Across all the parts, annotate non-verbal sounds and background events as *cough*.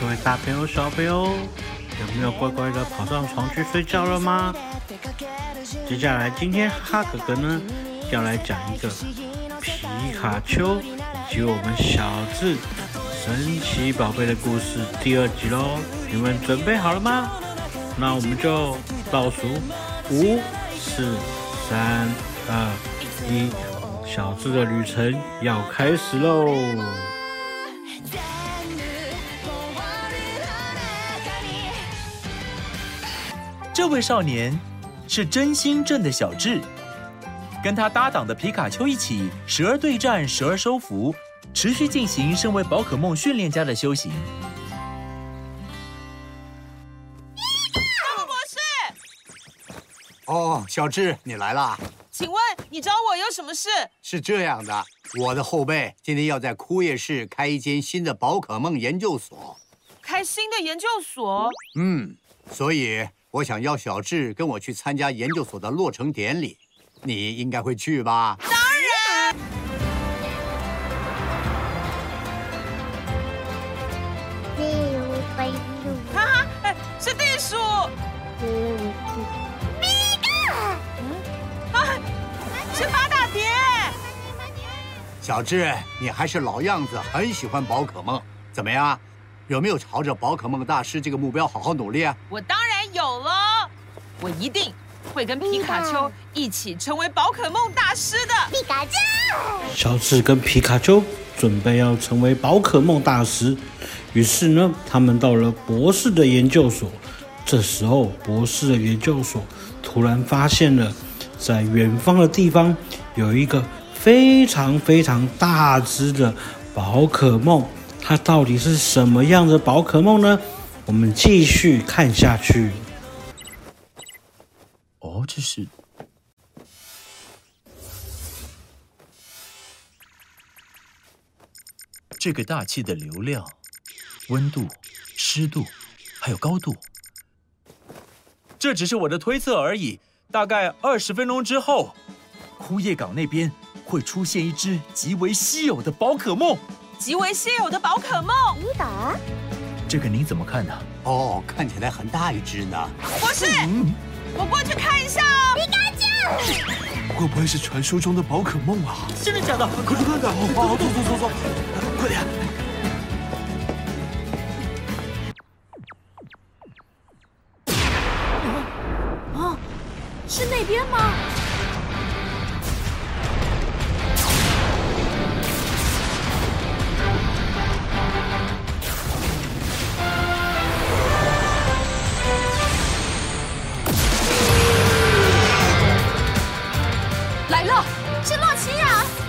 各位大朋友、小朋友，有沒有乖乖的跑上床去睡覺了嗎？接下來，今天哈哈哥哥呢，要來講一個皮卡丘及我們小智神奇寶貝的故事第二集嘍。你們準備好了嗎？那我們就倒數五、四、三、二、一，小智的旅程要開始嘍！這位少年是真新鎮的小智，跟他搭檔的皮卡丘一起，時而對戰，時而收服，持續進行身為寶可夢訓練家的修行。大木博士，哦，小智，你來了，請問你找我有什麼事？是這樣的，我的後輩今天要在枯葉市開一間新的寶可夢研究所，開新的研究所？嗯，所以。我想要小智跟我去參加研究所的落成典禮，你應該會去吧？當然。哈哈，哎，是地鼠。米啊，是巴大蝶。小智，你還是老樣子，很喜歡寶可夢，怎麼樣？有沒有朝着寶可夢大師這個目標好好努力啊？我當然。有了，我一定會跟皮卡丘一起成為寶可夢大師的。皮卡丘，小智跟皮卡丘準備要成為寶可夢大師，於是呢，他們到了博士的研究所。這時候，博士的研究所突然發現了，在遠方的地方有一個非常非常大隻的寶可夢，它到底是什麼樣的寶可夢呢？我們繼續看下去。哦，這是這個大氣的流量、溫度、濕度，還有高度。這只是我的推測而已。大概二十分鐘之後，枯葉港那邊會出現一隻極為稀有的寶可夢。極為稀有的寶可夢？你打？這個您怎麼看呢？哦，看起來很大一只呢。博士、嗯，我過去看一下、啊。皮卡丘。會不會是傳說中的寶可夢啊？真的假的、啊？快去看看！走、啊啊啊、走走走，快點、啊啊。啊，是那邊嗎？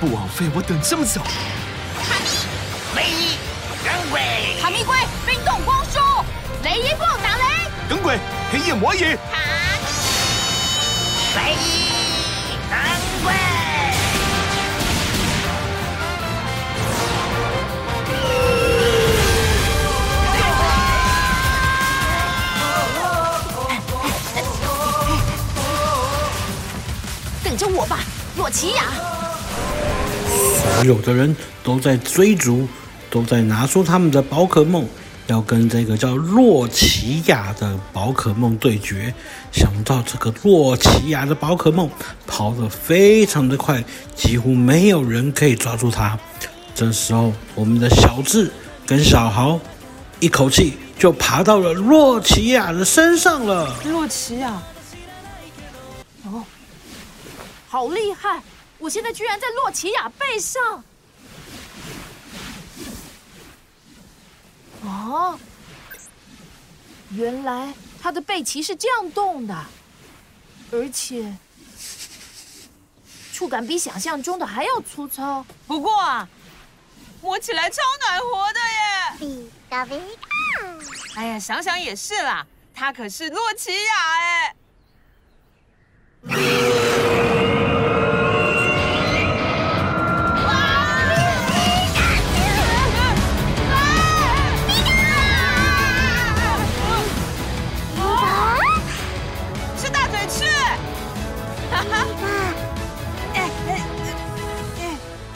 不枉費我等這麼久。卡密、雷伊、耿鬼，卡密龜冰凍光束，雷伊布打雷，耿鬼黑夜魔影。所有的人都在追逐，都在拿出他們的寶可夢，要跟這個叫洛奇亞的寶可夢對決。想到這個洛奇亞的寶可夢跑得非常的快，幾乎沒有人可以抓住它。這時候，我們的小智跟小豪一口氣就爬到了洛奇亞的身上了。洛奇亞，哦，好厲害！我現在居然在洛奇亞背上！哦，原來它的背鰭是這樣動的，而且觸感比想象中的還要粗糙。不過啊，摸起來超暖和的耶！小鼻嘎！哎呀，想想也是啦，它可是洛奇亞哎。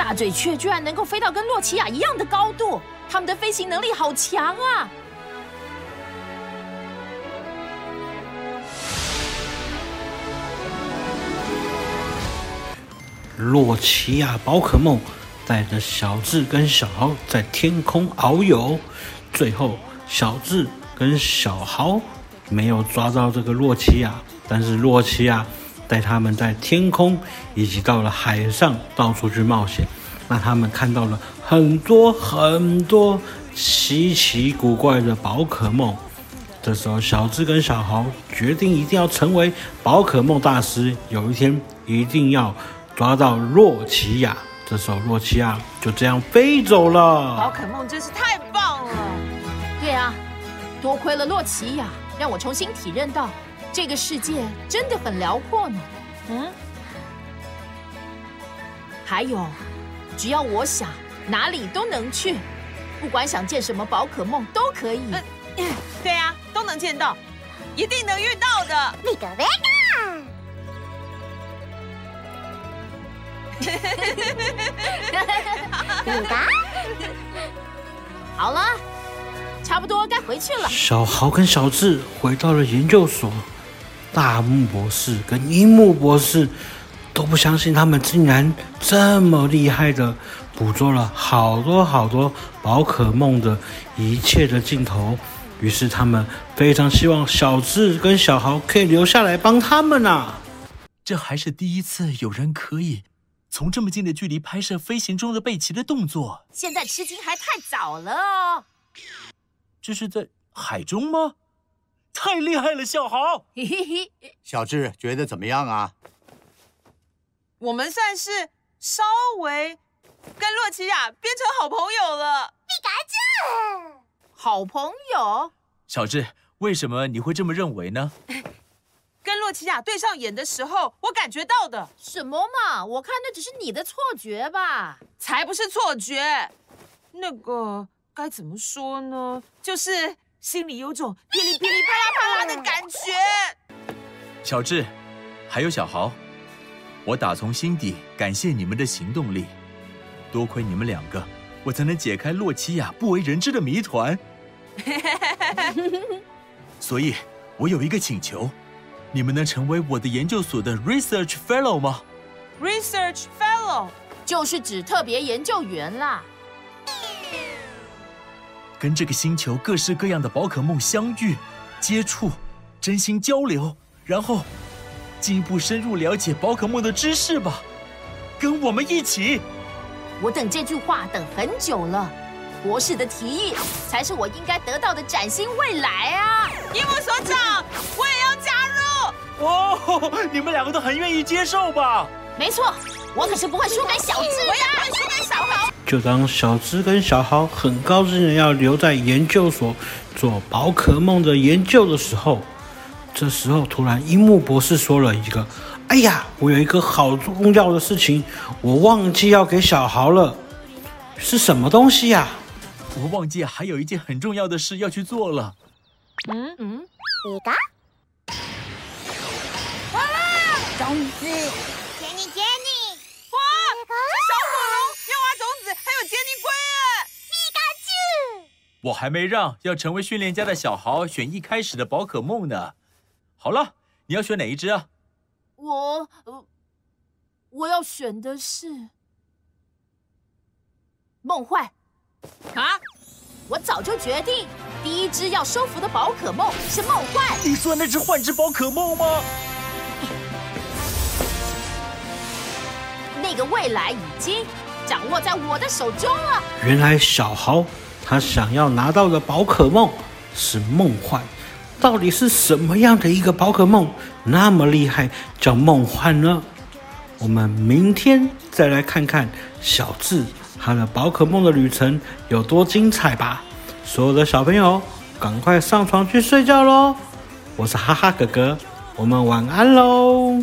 大嘴雀居然能夠飛到跟洛奇亞一樣的高度，他們的飛行能力好強啊！洛奇亞寶可夢帶着小智跟小豪在天空遨遊，最後小智跟小豪沒有抓到這個洛奇亞，但是洛奇亞。帶他們在天空，以及到了海上，到處去冒險，那他們看到了很多很多稀奇古怪的寶可夢。這時候，小智跟小豪決定一定要成為寶可夢大師，有一天一定要抓到洛奇亞。這時候，洛奇亞就這樣飛走了。寶可夢真是太棒了！對啊，多虧了洛奇亞，讓我重新體認到。這個世界真的很遼闊呢，嗯，還有，只要我想，哪裡都能去，不管想見什麼寶可夢都可以。嗯，對呀，啊，都能見到，一定能遇到的。那個，那個。哈，好了，差不多該回去了。小豪跟小智回到了研究所。大木博士跟櫻木博士都不相信，他們竟然這麼厲害的捕捉了好多好多寶可夢的一切的鏡頭。於是他們非常希望小智跟小豪可以留下來幫他們吶啊。這還是第一次有人可以從這麼近的距離拍攝飛行中的貝奇的動作。現在吃驚還太早了哦。這是在海中嗎？太厲害了，小豪！嘿嘿嘿，小智覺得怎麼樣啊？我們算是稍微跟洛奇亞變成好朋友了。你敢講？好朋友？小智，為什麼你會這麼認為呢？跟洛奇亞對上眼的時候，我感覺到的。什麼嘛？我看那只是你的錯覺吧？才不是錯覺！那個該怎麼說呢？就是。心裡有種噼里噼里啪啦啪啦的感覺。小智，還有小豪，我打從心底感謝你們的行動力。多虧你們兩個，我才能解開洛奇亞不為人知的謎團。 *laughs* 所以，我有一個請求，你們能成為我的研究所的 research fellow 嗎？Research fellow 就是指特別研究員啦。跟這個星球各式各樣的寶可夢相遇、接觸、真心交流，然後進一步深入了解寶可夢的知識吧。跟我們一起，我等這句話等很久了。博士的提議才是我應該得到的嶄新未來啊！伊木所長，我也要加入。哦，你們兩個都很願意接受吧？沒錯，我可是不會輸給小智，我也不會輸給小紅。就當小智跟小豪很高興的要留在研究所做寶可夢的研究的時候，這時候突然櫻木博士說了一個：“哎呀，我有一個好重要的事情，我忘記要給小豪了，是什麼東西呀？啊？我忘記還有一件很重要的事要去做了。”嗯 *noise* 嗯，你，嗯，的。哇，我還沒讓要成為訓練家的小豪選一開始的寶可夢呢。好了，你要選哪一隻啊？我我要選的是夢幻。啊？我早就決定，第一隻要收服的寶可夢是夢幻。你說那隻幻之寶可夢嗎？ *laughs* 那個未來已經掌握在我的手中了。原來小豪。他想要拿到的寶可夢是夢幻，到底是什麼樣的一個寶可夢那麼厲害叫夢幻呢？我們明天再來看看小智他的寶可夢的旅程有多精彩吧！所有的小朋友趕快上床去睡覺咯！我是哈哈哥哥，我們晚安咯。